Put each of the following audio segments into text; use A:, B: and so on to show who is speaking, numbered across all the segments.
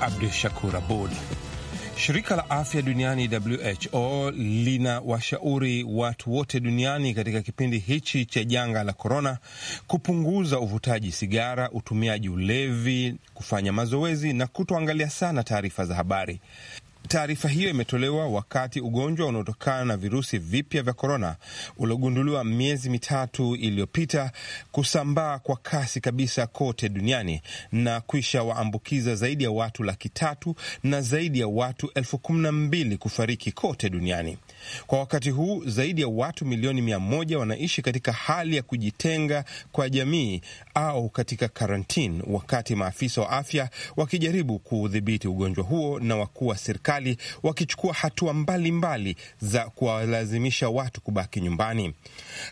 A: Abdu Shakur Abud. Shirika la afya duniani WHO lina washauri watu wote duniani katika kipindi hichi cha janga la korona kupunguza uvutaji sigara, utumiaji ulevi, kufanya mazoezi na kutoangalia sana taarifa za habari. Taarifa hiyo imetolewa wakati ugonjwa unaotokana na virusi vipya vya korona uliogunduliwa miezi mitatu iliyopita kusambaa kwa kasi kabisa kote duniani na kuisha waambukiza zaidi ya watu laki tatu na zaidi ya watu elfu kumi na mbili kufariki kote duniani. Kwa wakati huu zaidi ya watu milioni mia moja wanaishi katika hali ya kujitenga kwa jamii au katika karantini, wakati maafisa wa afya wakijaribu kuudhibiti ugonjwa huo na wakuu wa serikali wakichukua hatua mbalimbali za kuwalazimisha watu kubaki nyumbani.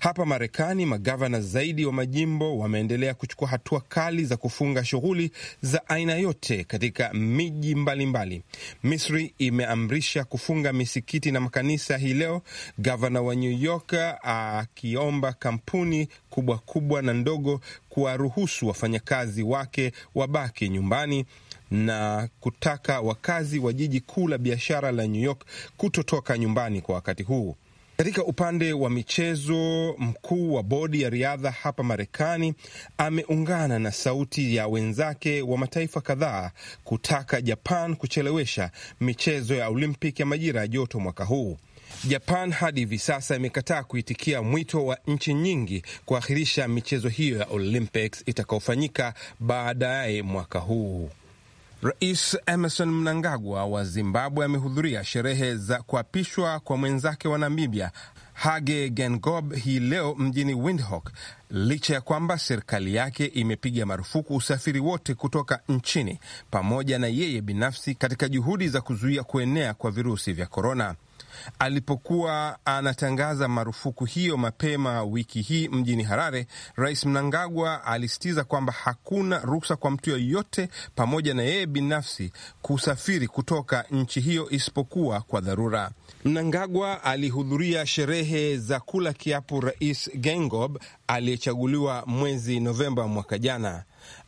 A: Hapa Marekani, magavana zaidi wa majimbo wameendelea kuchukua hatua kali za kufunga shughuli za aina yote katika miji mbalimbali. Misri imeamrisha kufunga misikiti na makanisa Twitter hii leo, gavana wa New York ah, akiomba kampuni kubwa kubwa na ndogo kuwaruhusu wafanyakazi wake wabaki nyumbani na kutaka wakazi wa jiji kuu la biashara la New York kutotoka nyumbani kwa wakati huu. Katika upande wa michezo, mkuu wa bodi ya riadha hapa Marekani ameungana na sauti ya wenzake wa mataifa kadhaa kutaka Japan kuchelewesha michezo ya Olimpiki ya majira ya joto mwaka huu. Japan hadi hivi sasa imekataa kuitikia mwito wa nchi nyingi kuahirisha michezo hiyo ya Olympics itakayofanyika baadaye mwaka huu. Rais Emerson Mnangagwa wa Zimbabwe amehudhuria sherehe za kuapishwa kwa mwenzake wa Namibia Hage Geingob hii leo mjini Windhoek licha ya kwamba serikali yake imepiga marufuku usafiri wote kutoka nchini pamoja na yeye binafsi katika juhudi za kuzuia kuenea kwa virusi vya korona. Alipokuwa anatangaza marufuku hiyo mapema wiki hii mjini Harare, Rais Mnangagwa alisitiza kwamba hakuna ruksa kwa mtu yoyote, pamoja na yeye binafsi, kusafiri kutoka nchi hiyo isipokuwa kwa dharura. Mnangagwa alihudhuria sherehe za kula kiapo Rais Gengob aliyechaguliwa mwezi Novemba mwaka jana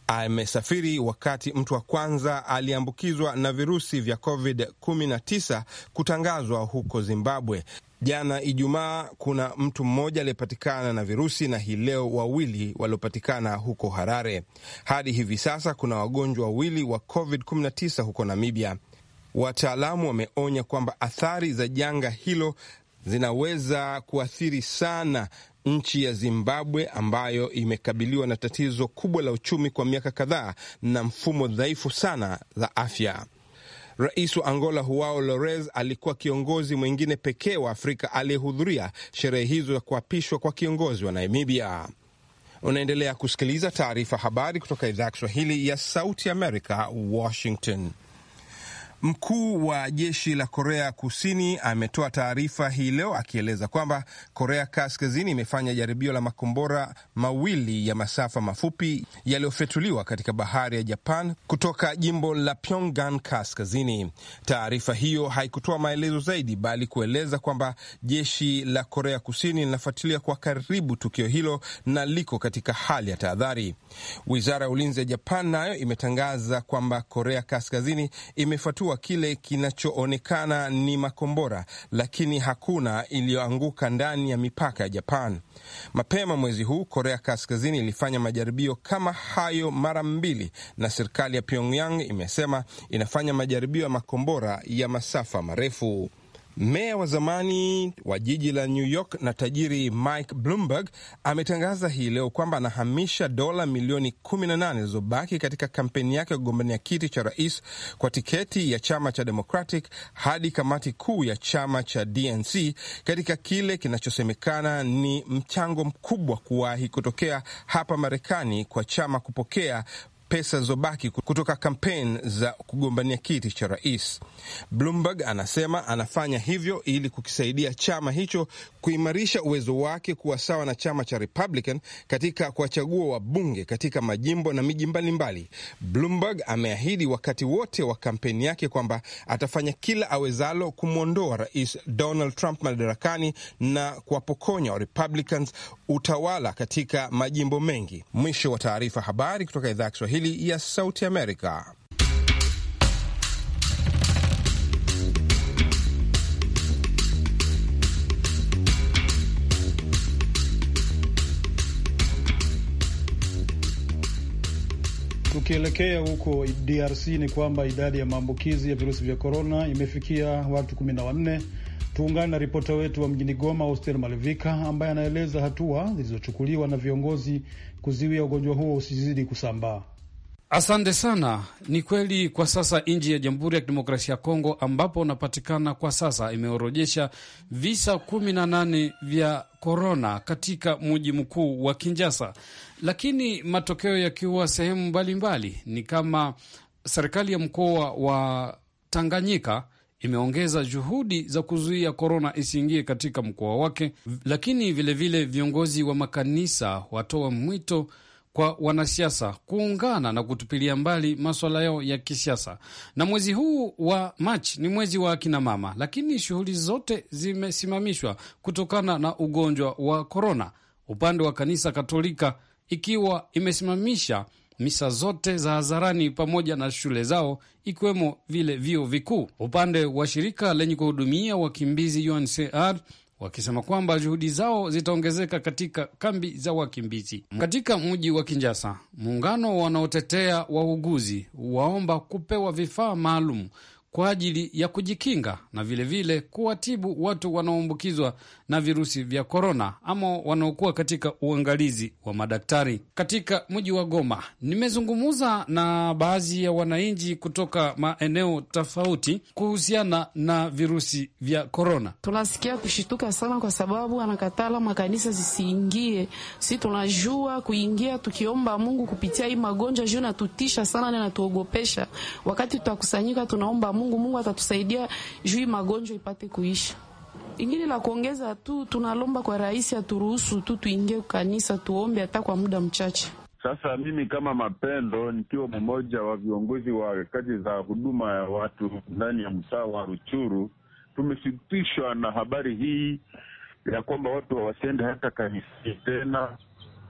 A: amesafiri wakati mtu wa kwanza aliambukizwa na virusi vya COVID-19 kutangazwa huko Zimbabwe. Jana Ijumaa, kuna mtu mmoja aliyepatikana na virusi na hii leo wawili waliopatikana huko Harare. Hadi hivi sasa kuna wagonjwa wawili wa COVID-19 huko Namibia. Wataalamu wameonya kwamba athari za janga hilo zinaweza kuathiri sana nchi ya Zimbabwe ambayo imekabiliwa na tatizo kubwa la uchumi kwa miaka kadhaa na mfumo dhaifu sana za afya. Rais wa Angola Huao Lores alikuwa kiongozi mwingine pekee wa Afrika aliyehudhuria sherehe hizo za kuapishwa kwa kiongozi wa Namibia. Unaendelea kusikiliza taarifa habari kutoka idhaa ya Kiswahili ya Sauti Amerika, Washington. Mkuu wa jeshi la Korea Kusini ametoa taarifa hii leo akieleza kwamba Korea Kaskazini imefanya jaribio la makombora mawili ya masafa mafupi yaliyofetuliwa katika bahari ya Japan kutoka jimbo la Pyongan Kaskazini. Taarifa hiyo haikutoa maelezo zaidi, bali kueleza kwamba jeshi la Korea Kusini linafuatilia kwa karibu tukio hilo na liko katika hali ya tahadhari. Wizara ya ulinzi ya Japan nayo imetangaza kwamba Korea Kaskazini imefatua wa kile kinachoonekana ni makombora, lakini hakuna iliyoanguka ndani ya mipaka ya Japan. Mapema mwezi huu Korea Kaskazini ilifanya majaribio kama hayo mara mbili, na serikali ya Pyongyang imesema inafanya majaribio ya makombora ya masafa marefu. Meya wa zamani wa jiji la New York na tajiri Mike Bloomberg ametangaza hii leo kwamba anahamisha dola milioni 18 zilizobaki katika kampeni yake ya kugombania kiti cha rais kwa tiketi ya chama cha Democratic hadi kamati kuu ya chama cha DNC katika kile kinachosemekana ni mchango mkubwa kuwahi kutokea hapa Marekani kwa chama kupokea pesa zilizobaki kutoka kampeni za kugombania kiti cha rais. Bloomberg anasema anafanya hivyo ili kukisaidia chama hicho kuimarisha uwezo wake kuwa sawa na chama cha Republican katika kuwachagua wabunge katika majimbo na miji mbalimbali. Bloomberg ameahidi wakati wote wa kampeni yake kwamba atafanya kila awezalo kumwondoa Rais Donald Trump madarakani na kuwapokonya wa Republicans utawala katika majimbo mengi. Mwisho wa taarifa. Habari kutoka idhaa ya Kiswahili Kiswahili ya Sauti Amerika.
B: Tukielekea huko DRC ni kwamba idadi ya maambukizi ya virusi vya korona imefikia watu 14 Tuungane na ripota wetu wa mjini Goma, Oster malevika ambaye anaeleza hatua zilizochukuliwa na viongozi kuziwia ugonjwa huo usizidi
C: kusambaa. Asante sana. Ni kweli kwa sasa nchi ya Jamhuri ya Kidemokrasia ya Kongo ambapo unapatikana kwa sasa imeorojesha visa kumi na nane vya korona katika mji mkuu wa Kinjasa, lakini matokeo yakiwa sehemu mbalimbali. Ni kama serikali ya mkoa wa Tanganyika imeongeza juhudi za kuzuia korona isiingie katika mkoa wake, lakini vilevile vile viongozi wa makanisa watoa mwito kwa wanasiasa kuungana na kutupilia mbali maswala yao ya kisiasa. Na mwezi huu wa Machi ni mwezi wa akinamama, lakini shughuli zote zimesimamishwa kutokana na ugonjwa wa korona, upande wa kanisa Katolika ikiwa imesimamisha misa zote za hadharani pamoja na shule zao ikiwemo vile vyuo vikuu. Upande wa shirika lenye kuhudumia wakimbizi UNHCR wakisema kwamba juhudi zao zitaongezeka katika kambi za wakimbizi katika mji wa Kinjasa. Muungano wanaotetea wauguzi waomba kupewa vifaa maalum kwa ajili ya kujikinga na vilevile kuwatibu watu wanaoambukizwa na virusi vya korona ama wanaokuwa katika uangalizi wa madaktari katika mji wa Goma. Nimezungumza na baadhi ya wananchi kutoka maeneo tofauti kuhusiana na virusi vya korona.
D: Tunasikia kushituka sana, kwa sababu anakatala makanisa zisiingie. Si tunajua kuingia tukiomba Mungu kupitia hii magonjwa juu natutisha sana na natuogopesha. Wakati tutakusanyika tunaomba Mungu, Mungu atatusaidia juu magonjwa ipate kuisha. Ingine la kuongeza tu, tunalomba kwa rais aturuhusu tu tuingie kanisa tuombe hata kwa muda mchache.
E: Sasa mimi kama Mapendo, nikiwa mmoja wa viongozi wa kazi za huduma ya watu ndani ya mtaa wa Ruchuru, tumesitishwa na habari hii ya kwamba watu hawasiende hata kanisani tena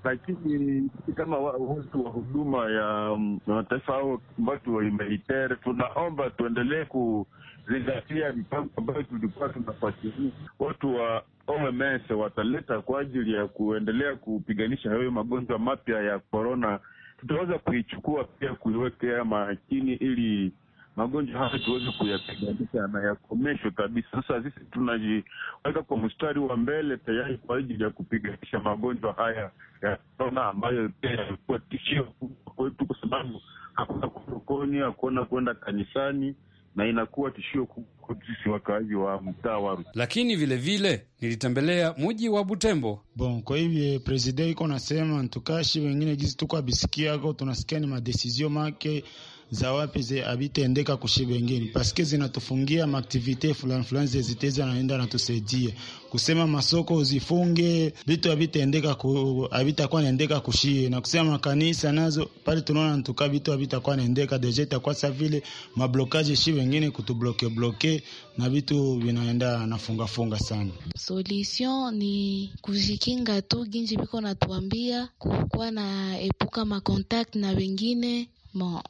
E: lakini kama wahusu wa huduma ya mm, mataifa au watu wa humanitari, tunaomba tuendelee kuzingatia mipango ambayo tulikuwa tunafuatilia. Watu wa OMS wataleta kwa ajili ya kuendelea kupiganisha hayo magonjwa mapya ya korona, tutaweza kuichukua pia kuiwekea makini ili magonjwa haya tuweze kuyapiganisha na yakomeshwe kabisa. Sasa sisi tunajiweka kwa mstari wa mbele tayari kwa ajili ya kupiganisha magonjwa haya ya korona, ambayo pia yalikuwa tishio kubwa kwetu, kwa sababu hakuna kusokoni, hakuna kwenda kanisani na inakuwa
C: tishio kubwa sisi wakaaji wa mtaa wa. Lakini vilevile vile, nilitembelea mji wa Butembo
B: bon. Kwa hivyo president iko nasema ntukashi wengine jisi tuko abisikiako tunasikia ni madesizio make za wapi ze abitendeka kushibengeni paske zinatufungia maaktivite fulani fulani zezitezi anaenda natusaidia kusema masoko zifunge vitu abitendeka ku, abitakuwa naendeka kushie na kusema makanisa nazo pale tunaona ntuka vitu abitakuwa naendeka deja itakuwa sa vile mablokaji shi wengine kutubloke bloke na vitu vinaenda nafungafunga sana.
D: Solution ni kujikinga tu ginji biko natuambia kukuwa na epuka makontakt na wengine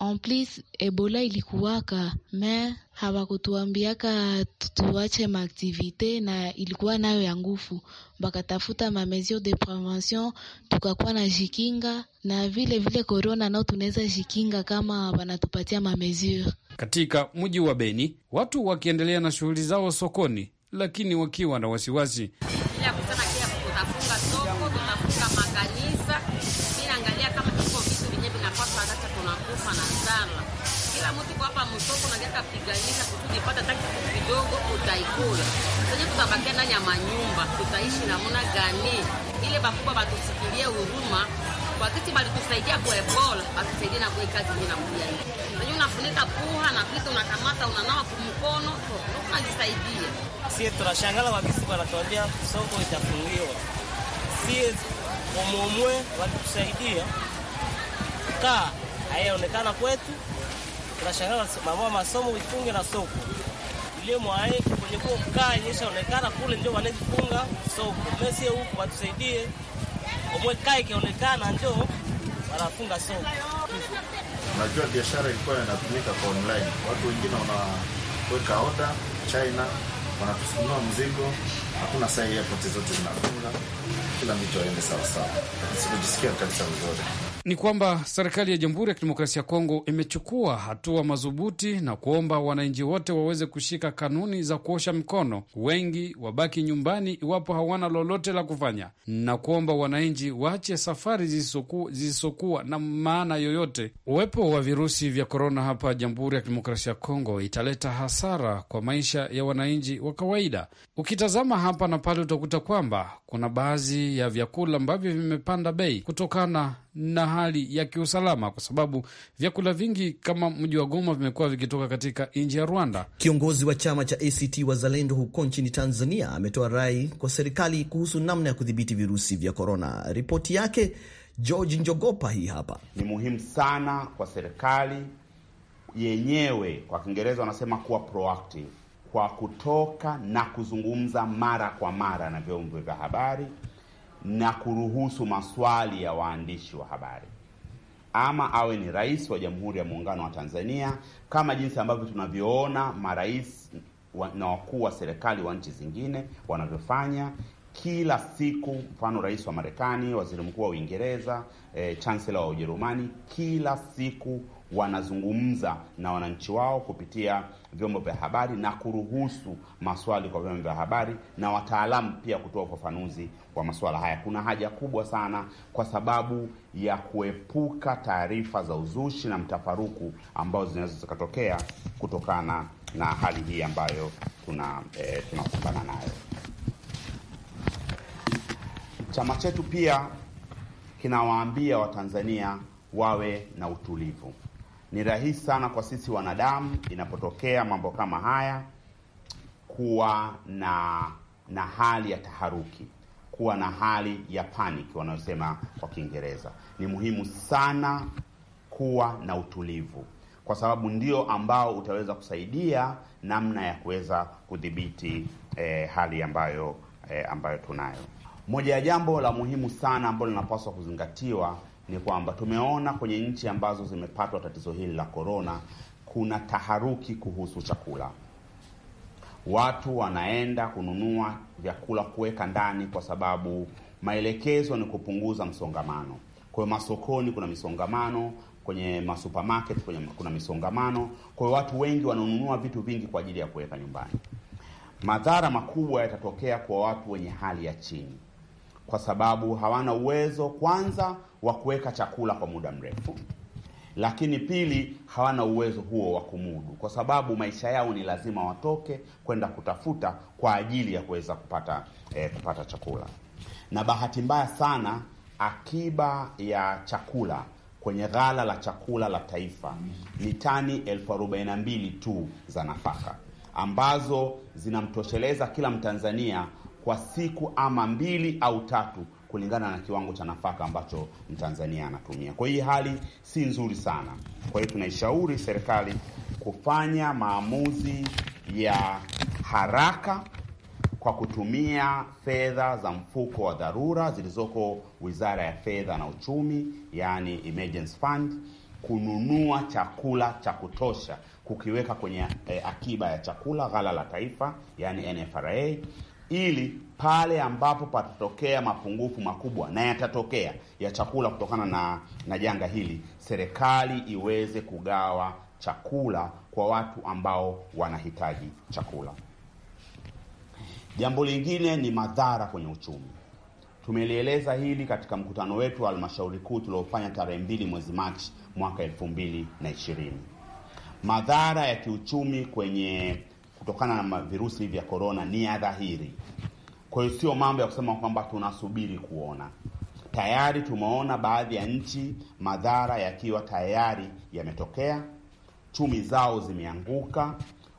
D: En plus Ebola ilikuwaka me hawakutuambiaka tuache maaktivite na ilikuwa nayo ya nguvu, bakatafuta mamesure de prevention, tukakuwa na jikinga na vile vile korona nao tunaweza jikinga kama wanatupatia mamesure.
C: Katika mji wa Beni watu wakiendelea na shughuli zao sokoni, lakini wakiwa na wasiwasi
D: tutapiganisha kusudi pata hata kidogo utaikula. Sasa tutabakia ndani ya manyumba, tutaishi namna gani? Ile bakubwa batusikilie huruma kwa kiti bali tusaidia kwa Ebola, atusaidie na kwa kazi nyingine nakuja hii. Unajua unafunika puha na kitu unakamata unanawa kwa
F: mkono, unajisaidia.
D: Sie tunashangala kwa bali tuambia soko itafungiwa. Sie omomwe walitusaidia. Ka hayaonekana kwetu tunashangaa ya masomo ifunge na soko ile mwae kwenye kwa kaa nyesha onekana kule ndio wanajifunga soko. Messi huko watusaidie. Omwe kaa kionekana ndio wanafunga soko.
G: Unajua biashara ilikuwa inatumika kwa online. Watu wengine wanaweka
F: order China wanatusunua mzigo, hakuna saa hii, zote zinafunga,
C: kila mtu aende sawasawa, sikujisikia kabisa mzuri ni kwamba serikali ya Jamhuri ya Kidemokrasia ya Kongo imechukua hatua madhubuti na kuomba wananchi wote waweze kushika kanuni za kuosha mikono, wengi wabaki nyumbani iwapo hawana lolote la kufanya, na kuomba wananchi waache safari zisizokuwa na maana yoyote. Uwepo wa virusi vya korona hapa Jamhuri ya Kidemokrasia ya Kongo italeta hasara kwa maisha ya wananchi wa kawaida. Ukitazama hapa na pale, utakuta kwamba kuna baadhi ya vyakula ambavyo vimepanda bei kutokana na hali ya kiusalama, kwa sababu vyakula vingi kama mji wa Goma vimekuwa vikitoka katika nchi ya Rwanda. Kiongozi wa chama cha ACT Wazalendo huko nchini Tanzania ametoa rai kwa serikali kuhusu
F: namna ya kudhibiti virusi vya korona. Ripoti yake George Njogopa, hii hapa. Ni muhimu sana kwa serikali yenyewe, kwa Kiingereza wanasema kuwa proactive, kwa kutoka na kuzungumza mara kwa mara na vyombo vya habari na kuruhusu maswali ya waandishi wa habari, ama awe ni rais wa Jamhuri ya Muungano wa Tanzania, kama jinsi ambavyo tunavyoona marais na wakuu wa serikali wa nchi zingine wanavyofanya kila siku. Mfano, rais wa Marekani, waziri mkuu wa Uingereza, eh, chancellor wa Ujerumani, kila siku wanazungumza na wananchi wao kupitia vyombo vya habari na kuruhusu maswali kwa vyombo vya habari na wataalamu pia kutoa ufafanuzi wa masuala haya. Kuna haja kubwa sana kwa sababu ya kuepuka taarifa za uzushi na mtafaruku ambazo zinaweza zikatokea kutokana na hali hii ambayo tuna e, tunakumbana nayo. Chama chetu pia kinawaambia Watanzania wawe na utulivu. Ni rahisi sana kwa sisi wanadamu inapotokea mambo kama haya kuwa na na hali ya taharuki, kuwa na hali ya panic wanayosema kwa Kiingereza. Ni muhimu sana kuwa na utulivu, kwa sababu ndio ambao utaweza kusaidia namna ya kuweza kudhibiti eh, hali ambayo eh, ambayo tunayo. Moja ya jambo la muhimu sana ambalo linapaswa kuzingatiwa ni kwamba tumeona kwenye nchi ambazo zimepatwa tatizo hili la korona, kuna taharuki kuhusu chakula. Watu wanaenda kununua vyakula kuweka ndani, kwa sababu maelekezo ni kupunguza msongamano. Kwa hiyo masokoni kuna misongamano, kwenye masupermarket kwenye kuna misongamano. Kwa hiyo watu wengi wananunua vitu vingi kwa ajili ya kuweka nyumbani. Madhara makubwa yatatokea kwa watu wenye hali ya chini kwa sababu hawana uwezo kwanza wa kuweka chakula kwa muda mrefu, lakini pili, hawana uwezo huo wa kumudu, kwa sababu maisha yao ni lazima watoke kwenda kutafuta kwa ajili ya kuweza kupata eh, kupata chakula. Na bahati mbaya sana akiba ya chakula kwenye ghala la chakula la taifa ni tani elfu arobaini na mbili tu za nafaka ambazo zinamtosheleza kila Mtanzania kwa siku ama mbili au tatu kulingana na kiwango cha nafaka ambacho Mtanzania anatumia. Kwa hiyo hali si nzuri sana. Kwa hiyo tunaishauri serikali kufanya maamuzi ya haraka kwa kutumia fedha za mfuko wa dharura zilizoko Wizara ya Fedha na Uchumi, yani emergency fund, kununua chakula cha kutosha, kukiweka kwenye eh, akiba ya chakula, ghala la taifa, yani NFRA ili pale ambapo patatokea mapungufu makubwa na yatatokea ya chakula kutokana na, na janga hili, serikali iweze kugawa chakula kwa watu ambao wanahitaji chakula. Jambo lingine ni madhara kwenye uchumi. Tumelieleza hili katika mkutano wetu wa halmashauri kuu tuliofanya tarehe mbili mwezi Machi mwaka elfu mbili na ishirini. Madhara ya kiuchumi kwenye kutokana na virusi vya korona ni ya dhahiri. Kwa hiyo sio mambo ya kusema kwamba tunasubiri kuona. Tayari tumeona baadhi ya nchi madhara yakiwa tayari yametokea, chumi zao zimeanguka.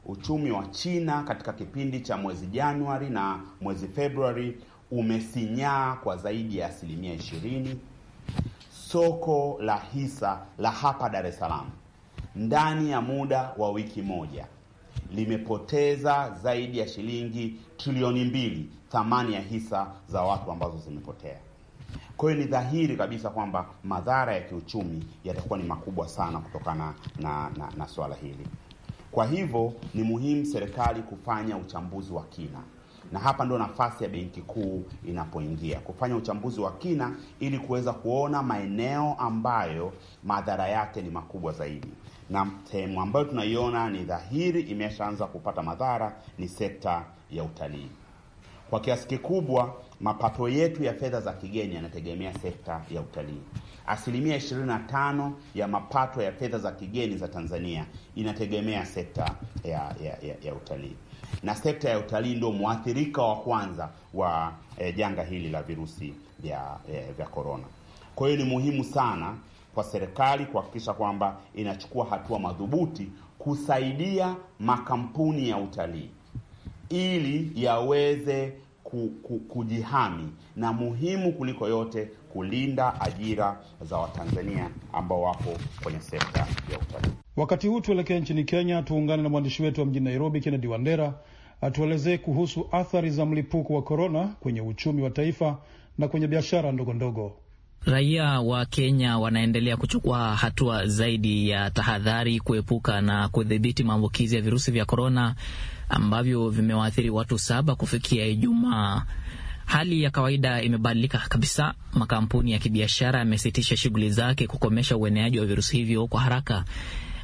F: Uchumi wa China katika kipindi cha mwezi Januari na mwezi Februari umesinyaa kwa zaidi ya asilimia ishirini. Soko la hisa la hapa Dar es Salaam ndani ya muda wa wiki moja limepoteza zaidi ya shilingi trilioni mbili thamani ya hisa za watu ambazo zimepotea. Kwa hiyo ni dhahiri kabisa kwamba madhara ya kiuchumi yatakuwa ni makubwa sana kutokana na, na, na swala hili. Kwa hivyo ni muhimu serikali kufanya uchambuzi wa kina, na hapa ndio nafasi ya Benki Kuu inapoingia kufanya uchambuzi wa kina ili kuweza kuona maeneo ambayo madhara yake ni makubwa zaidi na sehemu ambayo tunaiona ni dhahiri imeshaanza kupata madhara ni sekta ya utalii. Kwa kiasi kikubwa mapato yetu ya fedha za kigeni yanategemea sekta ya utalii. Asilimia 25 ya mapato ya fedha za kigeni za Tanzania inategemea sekta ya, ya, ya, ya utalii, na sekta ya utalii ndio mwathirika wa kwanza wa eh, janga hili la virusi vya eh, vya korona. Kwa hiyo ni muhimu sana kwa serikali kuhakikisha kwamba inachukua hatua madhubuti kusaidia makampuni ya utalii ili yaweze kujihami na muhimu kuliko yote kulinda ajira za Watanzania ambao wapo kwenye sekta ya utalii.
B: Wakati huu tuelekee nchini Kenya, tuungane na mwandishi wetu wa mjini Nairobi, Kennedy Wandera atuelezee kuhusu athari za mlipuko wa korona kwenye uchumi wa taifa na kwenye biashara ndogo ndogo.
D: Raia wa Kenya wanaendelea kuchukua hatua zaidi ya tahadhari kuepuka na kudhibiti maambukizi ya virusi vya korona ambavyo vimewaathiri watu saba kufikia Ijumaa. Hali ya kawaida imebadilika kabisa. Makampuni ya kibiashara yamesitisha shughuli zake kukomesha ueneaji wa virusi hivyo kwa haraka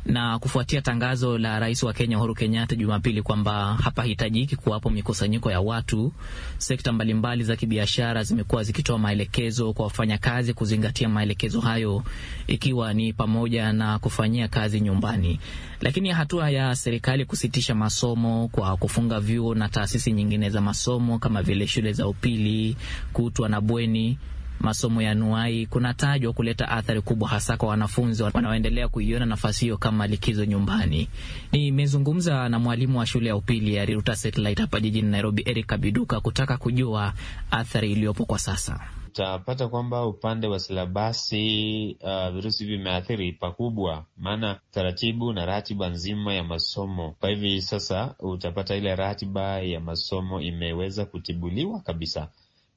D: na kufuatia tangazo la rais wa Kenya Uhuru Kenyatta Jumapili kwamba hapahitajiki kuwapo mikusanyiko ya watu, sekta mbalimbali za kibiashara zimekuwa zikitoa maelekezo kwa wafanyakazi kuzingatia maelekezo hayo, ikiwa ni pamoja na kufanyia kazi nyumbani. Lakini hatua ya serikali kusitisha masomo kwa kufunga vyuo na taasisi nyingine za masomo kama vile shule za upili, kutwa na bweni masomo ya nuai kunatajwa kuleta athari kubwa, hasa kwa wanafunzi wanaoendelea kuiona nafasi hiyo kama likizo nyumbani. Nimezungumza na mwalimu wa shule ya upili ya Riruta Satellite hapa jijini Nairobi, Eric Kabiduka, kutaka kujua athari iliyopo kwa sasa.
F: Utapata kwamba upande wa silabasi uh, virusi vimeathiri pakubwa, maana taratibu na ratiba nzima ya masomo kwa hivi sasa, utapata ile ratiba ya masomo imeweza kutibuliwa kabisa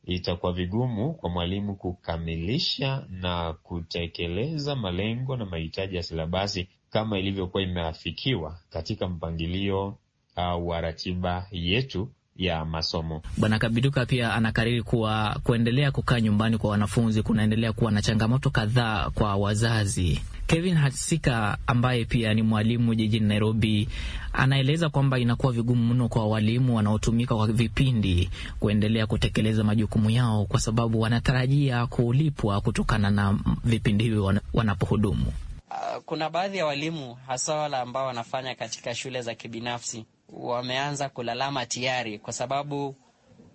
F: itakuwa vigumu kwa mwalimu kukamilisha na kutekeleza malengo na mahitaji ya silabasi kama ilivyokuwa imeafikiwa katika mpangilio uh, wa ratiba yetu ya masomo.
D: Bwana Kabiduka pia anakariri kuwa kuendelea kukaa nyumbani kwa wanafunzi kunaendelea kuwa na changamoto kadhaa kwa wazazi. Kevin hasika ambaye pia ni mwalimu jijini Nairobi anaeleza kwamba inakuwa vigumu mno kwa walimu wanaotumika kwa vipindi kuendelea kutekeleza majukumu yao kwa sababu wanatarajia kulipwa kutokana na vipindi hivyo wanapohudumu. Ah, kuna baadhi ya walimu hasa wale ambao wanafanya katika shule za kibinafsi wameanza kulalama tayari, kwa sababu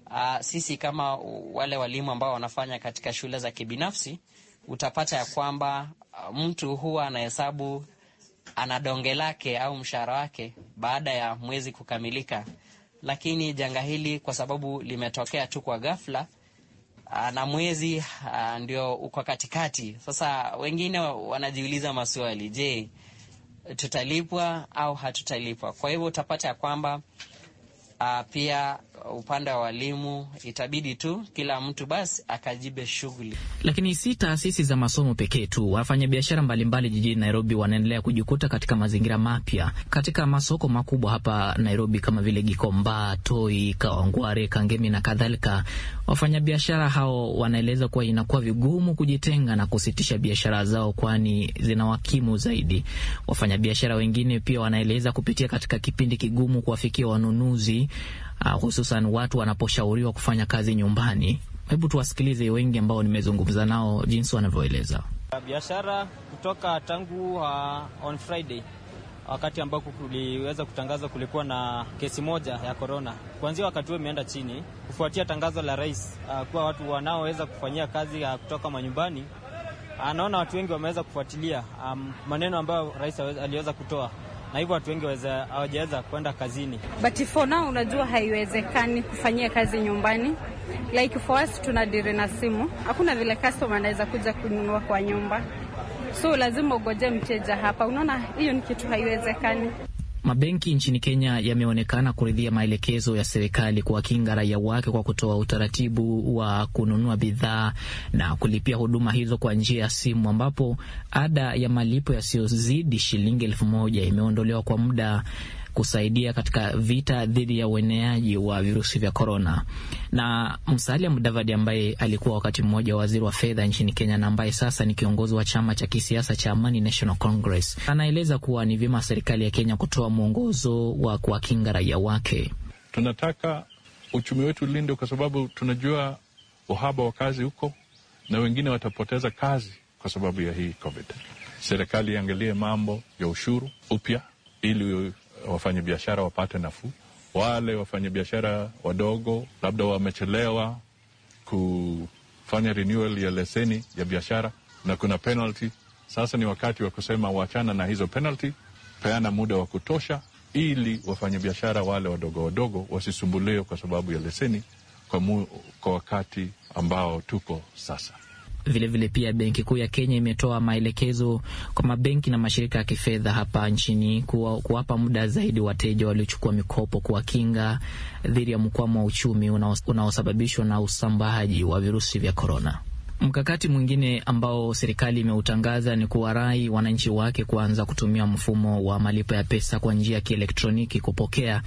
D: uh, sisi kama wale walimu ambao wanafanya katika shule za kibinafsi, utapata ya kwamba uh, mtu huwa anahesabu ana donge lake au mshahara wake baada ya mwezi kukamilika, lakini janga hili kwa sababu limetokea tu kwa ghafla ah, na mwezi ndio uko katikati. Sasa wengine wanajiuliza maswali, je, tutalipwa au hatutalipwa. Kwa hivyo utapata ya kwamba uh, pia Uh, upande wa walimu, itabidi tu kila mtu basi akajibe shughuli. Lakini si taasisi za masomo pekee tu, wafanyabiashara mbalimbali jijini Nairobi wanaendelea kujikuta katika mazingira mapya katika masoko makubwa hapa Nairobi kama vile Gikomba, Toi, Kawangware, Kangemi na kadhalika. Wafanyabiashara hao wanaeleza kuwa inakuwa vigumu kujitenga na kusitisha biashara zao, kwani zinawakimu zaidi. Wafanyabiashara wengine pia wanaeleza kupitia katika kipindi kigumu kuwafikia wanunuzi uh, hususan watu wanaposhauriwa kufanya kazi nyumbani. Hebu tuwasikilize wengi ambao nimezungumza nao jinsi wanavyoeleza biashara kutoka tangu uh, on Friday wakati ambako kuliweza kutangazwa kulikuwa na kesi moja ya korona. Kuanzia wakati huo imeenda chini kufuatia tangazo la rais uh, kuwa watu wanaoweza kufanyia kazi uh, kutoka manyumbani. Anaona uh, watu wengi wameweza kufuatilia um, maneno ambayo rais aliweza kutoa na hivyo watu wengi hawajaweza kwenda kazini.
F: But for now, unajua haiwezekani kufanyia kazi nyumbani like for us, tuna diri na simu, hakuna vile customer anaweza kuja kununua kwa nyumba, so lazima ugoje mteja hapa. Unaona, hiyo ni kitu haiwezekani.
D: Mabenki nchini Kenya yameonekana kuridhia maelekezo ya serikali kuwakinga raia wake kwa kutoa utaratibu wa kununua bidhaa na kulipia huduma hizo kwa njia ya simu, ambapo ada ya malipo yasiyozidi shilingi elfu moja imeondolewa kwa muda kusaidia katika vita dhidi ya ueneaji wa virusi vya korona. Na Musalia Mudavadi ambaye alikuwa wakati mmoja waziri wa fedha nchini Kenya na ambaye sasa ni kiongozi wa chama cha kisiasa cha Amani National Congress, anaeleza kuwa ni vyema serikali ya Kenya kutoa mwongozo wa kuwakinga raia wake. Tunataka uchumi wetu ulinde, kwa sababu tunajua uhaba wa kazi huko na wengine watapoteza kazi kwa sababu ya hii COVID. Serikali iangalie mambo ya ushuru upya ili wafanyabiashara wapate nafuu. Wale wafanyabiashara wadogo labda wamechelewa kufanya renewal ya leseni ya biashara na kuna penalty. Sasa ni wakati wa kusema wachana na hizo penalty, peana muda wa kutosha, ili wafanyabiashara wale wadogo wadogo wasisumbuliwe kwa sababu ya leseni kwa, mu, kwa wakati ambao tuko sasa. Vilevile vile pia Benki Kuu ya Kenya imetoa maelekezo kwa mabenki na mashirika ya kifedha hapa nchini kuwa, kuwapa muda zaidi wateja waliochukua mikopo kuwakinga dhidi ya mkwamo wa uchumi unaosababishwa na usambaaji wa virusi vya korona. Mkakati mwingine ambao serikali imeutangaza ni kuwarai wananchi wake kuanza kutumia mfumo wa malipo ya pesa kwa njia ya kielektroniki, kupokea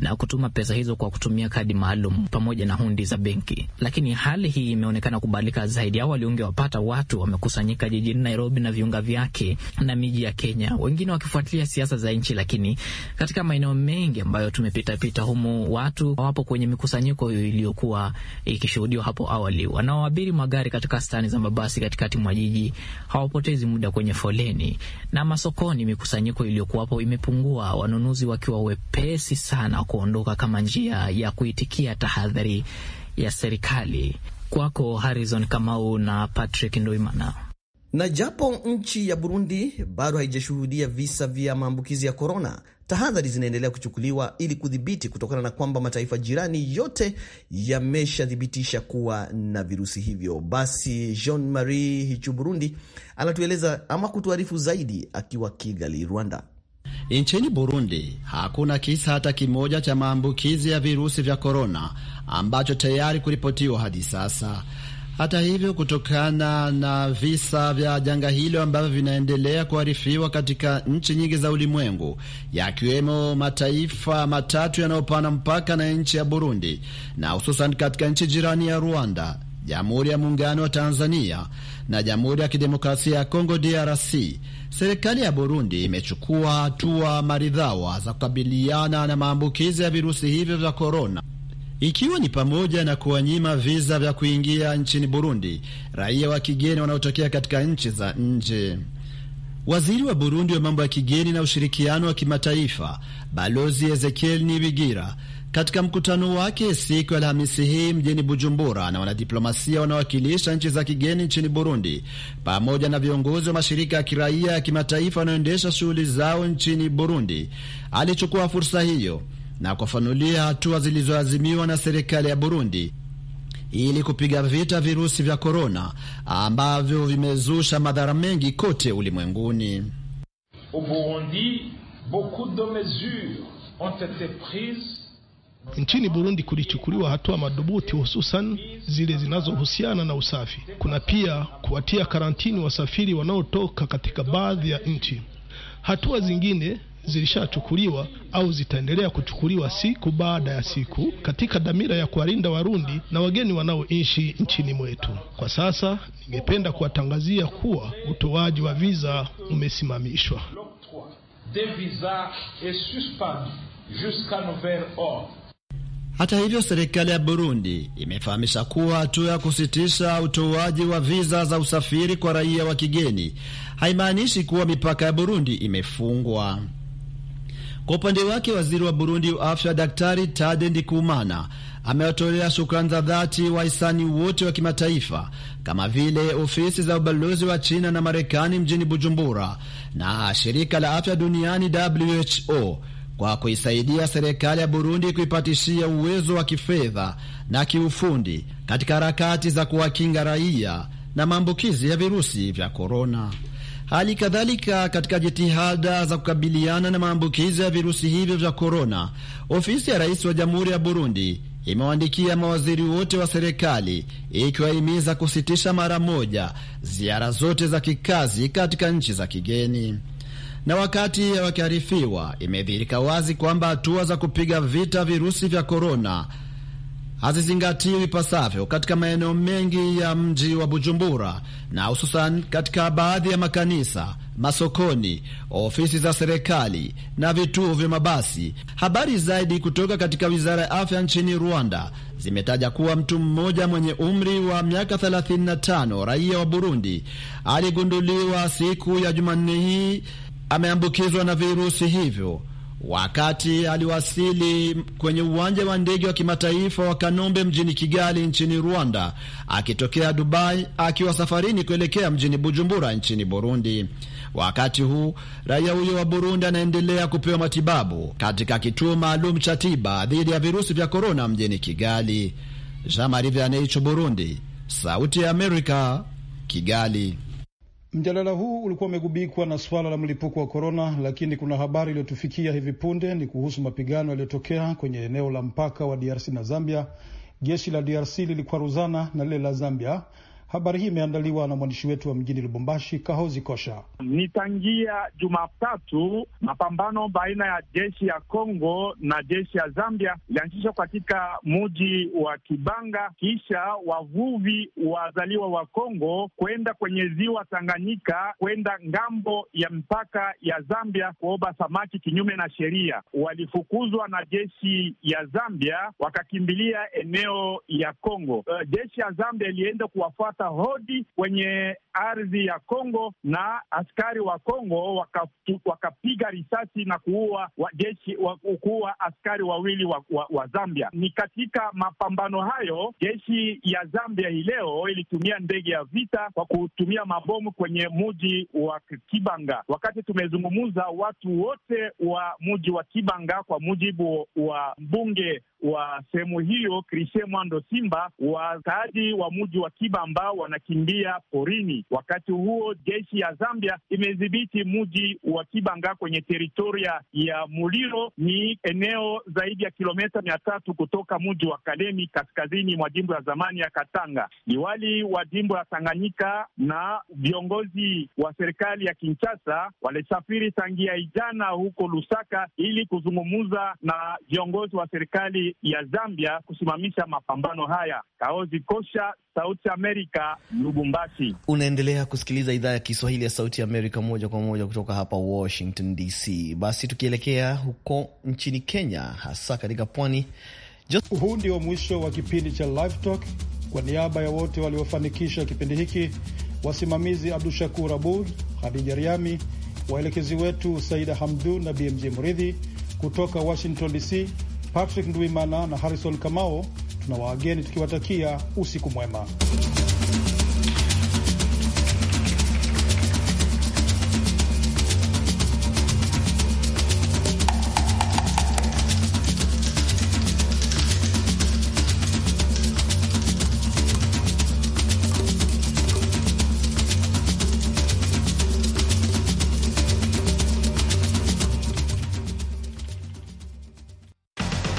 D: na kutuma pesa hizo kwa kutumia kadi maalum pamoja na hundi za benki. Lakini hali hii imeonekana kubadilika zaidi. Awali ungewapata watu wamekusanyika jijini Nairobi na viunga vyake na miji ya Kenya, wengine wakifuatilia siasa za nchi, lakini katika maeneo mengi ambayo tumepitapita humu watu wapo kwenye mikusanyiko iliyokuwa ikishuhudiwa hapo awali, wanaoabiri magari katika rastani za mabasi katikati mwa jiji hawapotezi muda kwenye foleni, na masokoni mikusanyiko iliyokuwapo imepungua, wanunuzi wakiwa wepesi sana kuondoka kama njia ya kuitikia tahadhari ya serikali. Kwako Harrison Kamau na Patrick Ndoimana.
G: Na japo nchi ya Burundi bado haijashuhudia visa vya maambukizi ya korona, tahadhari zinaendelea kuchukuliwa ili kudhibiti, kutokana na kwamba mataifa jirani yote yameshathibitisha kuwa na virusi hivyo. Basi Jean Marie Hichu Burundi anatueleza ama kutuarifu zaidi akiwa Kigali, Rwanda. Nchini Burundi hakuna kisa hata kimoja cha maambukizi ya virusi vya korona ambacho tayari kuripotiwa hadi sasa. Hata hivyo, kutokana na visa vya janga hilo ambavyo vinaendelea kuharifiwa katika nchi nyingi za ulimwengu, yakiwemo mataifa matatu yanayopana mpaka na nchi ya Burundi na hususan katika nchi jirani ya Rwanda, Jamhuri ya Muungano wa Tanzania na Jamhuri ya Kidemokrasia ya Kongo DRC, serikali ya Burundi imechukua hatua maridhawa za kukabiliana na maambukizi ya virusi hivyo vya korona ikiwa ni pamoja na kuwanyima viza vya kuingia nchini Burundi raia wa kigeni wanaotokea katika nchi za nje. Waziri wa Burundi wa mambo ya kigeni na ushirikiano wa kimataifa Balozi Ezekiel Nibigira katika mkutano wake siku ya Alhamisi hii mjini Bujumbura na wanadiplomasia wanaowakilisha nchi za kigeni nchini Burundi pamoja na viongozi wa mashirika ya kiraia ya kimataifa wanaoendesha shughuli zao nchini Burundi alichukua fursa hiyo na kufanulia hatua zilizoazimiwa na serikali ya Burundi ili kupiga vita virusi vya korona ambavyo vimezusha madhara mengi kote ulimwenguni.
B: Nchini Burundi kulichukuliwa hatua madhubuti, hususan zile zinazohusiana na usafi. Kuna pia kuwatia karantini wasafiri wanaotoka katika baadhi ya nchi. Hatua zingine zilishachukuliwa au zitaendelea kuchukuliwa siku baada ya siku katika dhamira ya kuwalinda Warundi na wageni wanaoishi nchini mwetu. Kwa sasa ningependa kuwatangazia kuwa utoaji wa viza umesimamishwa.
G: Hata hivyo, serikali ya Burundi imefahamisha kuwa hatua ya kusitisha utoaji wa viza za usafiri kwa raia wa kigeni haimaanishi kuwa mipaka ya Burundi imefungwa. Kwa upande wake waziri wa Burundi wa afya Daktari Tade Ndikumana amewatolea shukrani za dhati wahisani wote wa kimataifa kama vile ofisi za ubalozi wa China na Marekani mjini Bujumbura na shirika la afya duniani WHO kwa kuisaidia serikali ya Burundi kuipatishia uwezo wa kifedha na kiufundi katika harakati za kuwakinga raia na maambukizi ya virusi vya korona. Hali kadhalika, katika jitihada za kukabiliana na maambukizi ya virusi hivyo vya korona, ofisi ya rais wa jamhuri ya Burundi imewaandikia mawaziri wote wa serikali ikiwahimiza kusitisha mara moja ziara zote za kikazi katika nchi za kigeni. Na wakati wakiarifiwa, imedhihirika wazi kwamba hatua za kupiga vita virusi vya korona hazizingatiwi ipasavyo katika maeneo mengi ya mji wa Bujumbura na hususan katika baadhi ya makanisa, masokoni, ofisi za serikali na vituo vya mabasi. Habari zaidi kutoka katika wizara ya afya nchini Rwanda zimetaja kuwa mtu mmoja mwenye umri wa miaka 35 raia wa Burundi aligunduliwa siku ya Jumanne hii ameambukizwa na virusi hivyo Wakati aliwasili kwenye uwanja wa ndege wa kimataifa wa Kanombe mjini Kigali nchini Rwanda, akitokea Dubai, akiwa safarini kuelekea mjini Bujumbura nchini Burundi. Wakati huu raia huyo wa Burundi anaendelea kupewa matibabu katika kituo maalum cha tiba dhidi ya virusi vya korona mjini Kigali. Jean Marie Vianney, Burundi, Sauti ya Amerika, Kigali.
B: Mjadala huu ulikuwa umegubikwa na suala la mlipuko wa korona, lakini kuna habari iliyotufikia hivi punde ni kuhusu mapigano yaliyotokea kwenye eneo la mpaka wa DRC na Zambia. Jeshi la DRC lilikwaruzana na lile la Zambia Habari hii imeandaliwa na mwandishi wetu wa mjini Lubumbashi, Kahozi Kosha.
E: Ni tangia Jumatatu, mapambano baina ya jeshi ya Kongo na jeshi ya Zambia ilianzishwa katika muji wa Kibanga, kisha wavuvi wazaliwa wa Kongo kwenda kwenye ziwa Tanganyika, kwenda ngambo ya mpaka ya Zambia kuoba samaki kinyume na sheria. Walifukuzwa na jeshi ya Zambia wakakimbilia eneo ya Kongo. Uh, jeshi ya Zambia ilienda kuwafuata kukata hodi kwenye ardhi ya Kongo na askari wa Kongo wakapiga waka risasi na kuua jeshi wa, kuua askari wawili wa, wa, wa Zambia. Ni katika mapambano hayo jeshi ya Zambia hii leo ilitumia ndege ya vita kwa kutumia mabomu kwenye muji wa Kibanga. Wakati tumezungumza watu wote wa muji wa Kibanga, kwa mujibu wa mbunge wa sehemu hiyo Krishe Mwando Simba, wakaaji wa muji wa Kibamba wanakimbia porini. Wakati huo jeshi ya Zambia imedhibiti mji wa Kibanga kwenye teritoria ya Muliro, ni eneo zaidi ya kilometa mia tatu kutoka mji wa Kalemi, kaskazini mwa jimbo ya zamani ya Katanga. Liwali wa jimbo ya Tanganyika na viongozi wa serikali ya Kinshasa walisafiri tangia ijana huko Lusaka ili kuzungumuza na viongozi wa serikali ya Zambia kusimamisha mapambano haya. Kaozi Kosha, Sauti Amerika, Lubumbashi.
G: Unaendelea kusikiliza idhaa ya Kiswahili ya Sauti Amerika moja kwa moja kutoka hapa Washington DC. Basi tukielekea huko nchini Kenya, hasa katika
B: pwani. Huu ndio mwisho wa kipindi cha Live Talk. Kwa niaba ya wote waliofanikisha kipindi hiki, wasimamizi Abdu Shakur Abud, Hadija Riami, waelekezi wetu Saida Hamdun na BMJ Muridhi kutoka Washington DC, Patrick Ndwimana na Harrison Kamao tunawaageni tukiwatakia usiku mwema.